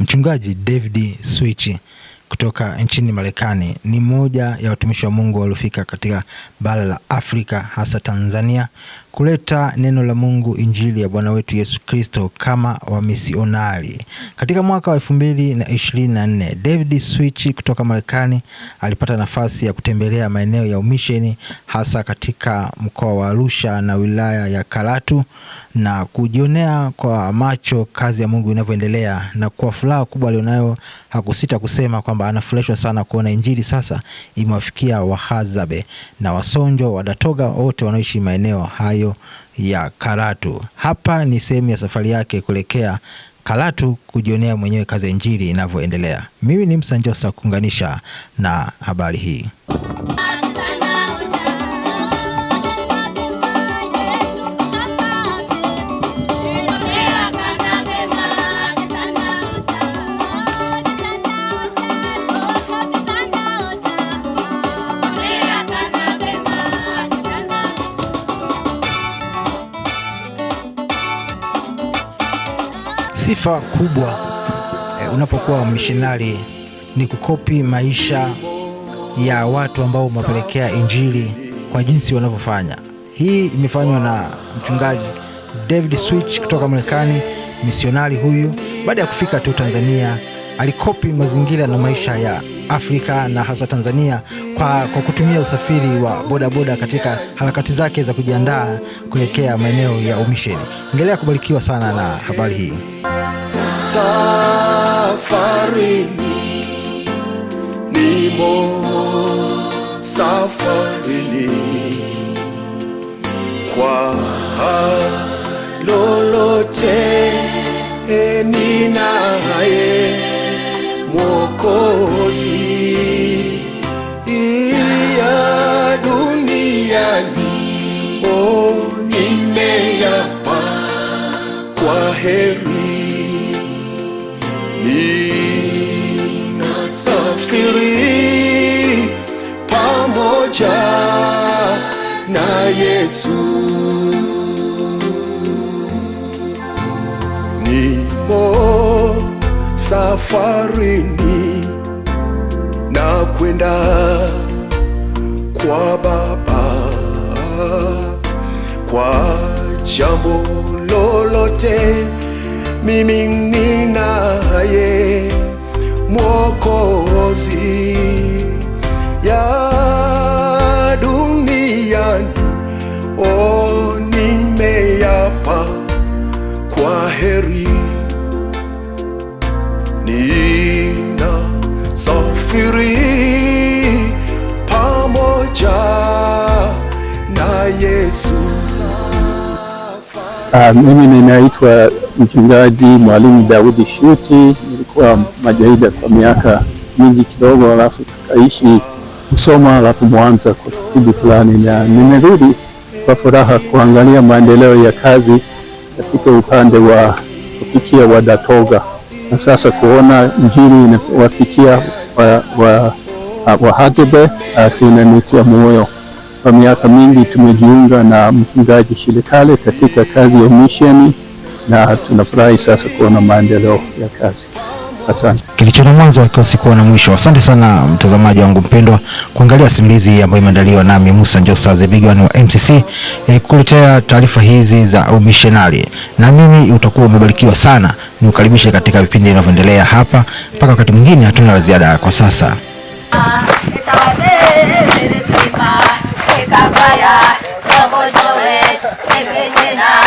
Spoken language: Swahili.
Mchungaji David Switch kutoka nchini Marekani ni mmoja ya watumishi wa Mungu waliofika katika bara la Afrika hasa Tanzania kuleta neno la Mungu, injili ya Bwana wetu Yesu Kristo kama wamisionari. Katika mwaka wa elfu mbili na ishirini na nne David Switch kutoka Marekani alipata nafasi ya kutembelea maeneo ya umisheni hasa katika mkoa wa Arusha na wilaya ya Karatu na kujionea kwa macho kazi ya Mungu inavyoendelea, na kwa furaha kubwa alionayo hakusita kusema kwamba kwamba anafurahishwa sana kuona injili sasa imewafikia Wahadzabe na Wasonjo, Wadatoga wote wanaoishi maeneo hayo ya Karatu. Hapa ni sehemu ya safari yake kuelekea Karatu kujionea mwenyewe kazi ya injili inavyoendelea. Mimi ni Msanjosa kuunganisha na habari hii. Sifa kubwa e, unapokuwa mishinari ni kukopi maisha ya watu ambao umewapelekea Injili kwa jinsi wanavyofanya. Hii imefanywa na mchungaji David Switch kutoka Marekani, misionari huyu, baada ya kufika tu Tanzania alikopi mazingira na maisha ya Afrika na hasa Tanzania kwa, kwa kutumia usafiri wa bodaboda boda katika harakati zake za kujiandaa kuelekea maeneo ya umisheni. Endelea kubarikiwa sana na habari hii. Safari nimo ni kwa halo kwa heri, ninasafiri pamoja na Yesu, nimo safarini na kwenda kwa Baba kwa jambo lolote, mimi ninaye Mwokozi Ah, mimi ninaitwa mchungaji Mwalimu Daudi Shuti. Nilikuwa majaida kwa miaka mingi kidogo, alafu kaishi kusoma, alafu Mwanza kwa kipindi fulani, na nimerudi kwa furaha kuangalia maendeleo ya kazi katika upande wa kufikia Wadatoga na sasa kuona Injili inawafikia wa, wa, wa, wa ah, sinanitia moyo kwa miaka mingi tumejiunga na mchungaji Shilekale katika kazi ya misheni na tunafurahi sasa kuona maendeleo ya kazi. Asante. Kilicho na mwanzo hakikosi kuwa na mwisho. Asante sana mtazamaji wangu mpendwa kuangalia simulizi ambayo imeandaliwa nami Musa Njosa the big one wa MCC eh, kuletea taarifa hizi za umishenali. na mimi utakuwa umebarikiwa sana. niukaribishe katika vipindi vinavyoendelea hapa mpaka wakati mwingine. Hatuna la ziada kwa sasa. Ah, Krishna